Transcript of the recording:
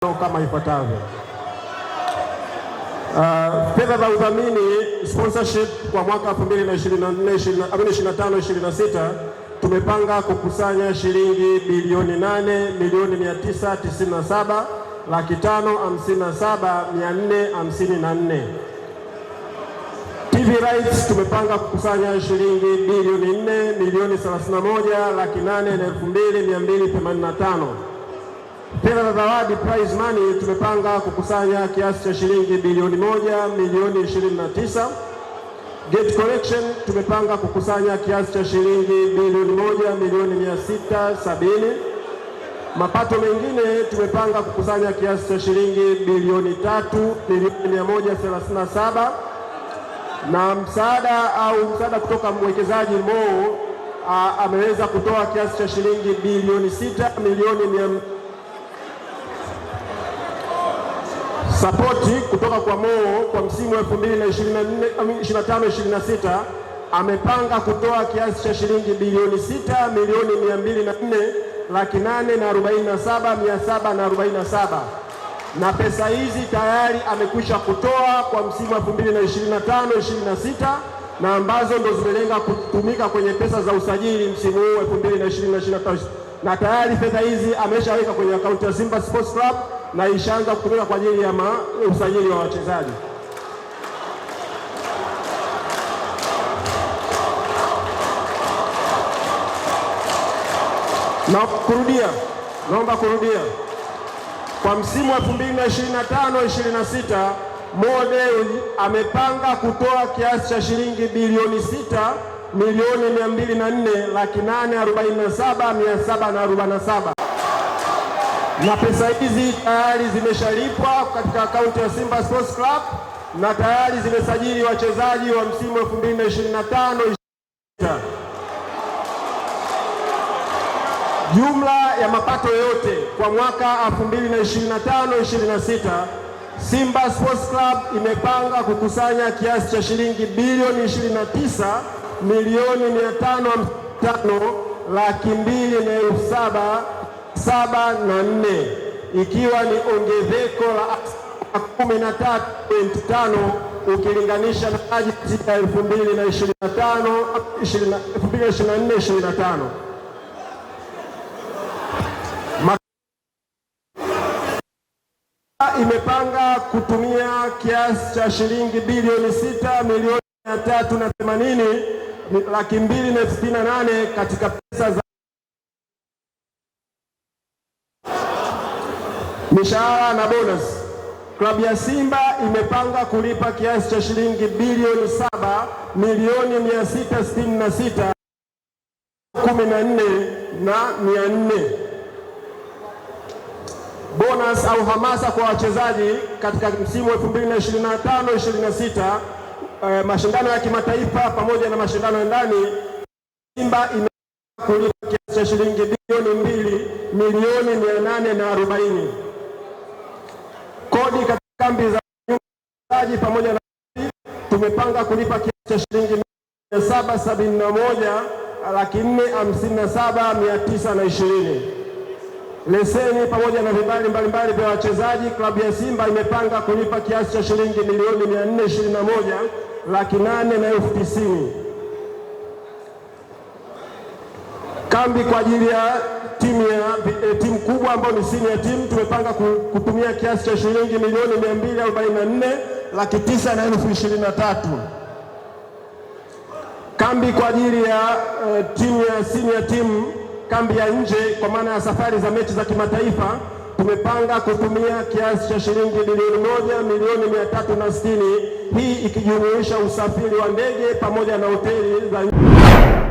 Kama ifuatavyo. Uh, fedha za udhamini sponsorship kwa mwaka 2025-2026 tumepanga kukusanya shilingi bilioni 8 milioni 997 laki 557 454. TV rights tumepanga kukusanya shilingi bilioni 4 milioni 31 laki 8 na 2285 Fedha za zawadi prize money tumepanga kukusanya kiasi cha shilingi bilioni moja milioni ishirini na tisa. Gate collection tumepanga kukusanya kiasi cha shilingi bilioni moja milioni mia sita sabini. Mapato mengine tumepanga kukusanya kiasi cha shilingi bilioni tatu milioni mia moja thelathini na saba na msaada au msaada kutoka mwekezaji Mo ameweza kutoa kiasi cha shilingi bilioni sita milioni mia sapoti kutoka kwa Moo kwa msimu wa 2025 26 amepanga kutoa kiasi cha shilingi bilioni 6 milioni 204 laki 8 na 47 747 na pesa hizi tayari amekwisha kutoa kwa msimu wa 2025 26 na ambazo ndo zimelenga kutumika kwenye pesa za usajili msimu huu 2025 na tayari fedha hizi ameshaweka kwenye akaunti ya Simba Sports Club na ishaanza kutumika kwa ajili ya usajili wa wachezaji. Na kurudia, naomba kurudia, kwa msimu wa 2025 26 MODE amepanga kutoa kiasi cha shilingi bilioni sita milioni mia laki nane arobaini na saba na pesa hizi tayari zimeshalipwa katika akaunti ya Simba Sports Club na tayari zimesajili wachezaji wa msimu 2025 Jumla ya mapato yote kwa mwaka 2025 26 Simba Sports Club imepanga kukusanya kiasi cha shilingi bilioni 29 milioni 555 laki mbili na elfu saba saba na nne ikiwa ni ongezeko la asilimia 13.5 ukilinganisha na bajeti ya 2025 imepanga kutumia kiasi cha shilingi bilioni sita milioni mia tatu na themanini laki mbili na sitini na nane katika pesa za Mishahara na bonus. Klabu ya Simba imepanga kulipa kiasi cha shilingi bilioni saba milioni mia sita sitini na sita kumi na nne na mia nne bonus au hamasa kwa wachezaji katika msimu wa 2025 26 uh, mashindano ya kimataifa pamoja na mashindano ya ndani. Simba imepanga kulipa kiasi cha shilingi bilioni mbili milioni mia nane na arobaini Kodi katika kambi za nyumbaji pamoja na tumepanga kulipa kiasi cha shilingi mia saba sabini na moja laki nne hamsini na saba mia tisa na ishirini. Leseni pamoja na vibali mbalimbali vya wachezaji, klabu ya Simba imepanga kulipa kiasi cha shilingi milioni mia nne ishirini na moja laki nane na elfu tisini. Kambi kwa ajili ya timu ya e, timu kubwa ambayo ni senior team tumepanga kutumia kiasi cha shilingi milioni 244 laki 9 na elfu ishirini Kambi kwa ajili ya e, timu ya senior team, kambi ya nje kwa maana ya safari za mechi za kimataifa tumepanga kutumia kiasi cha shilingi bilioni moja milioni mia tatu na sitini, hii ikijumuisha usafiri wa ndege pamoja na hoteli za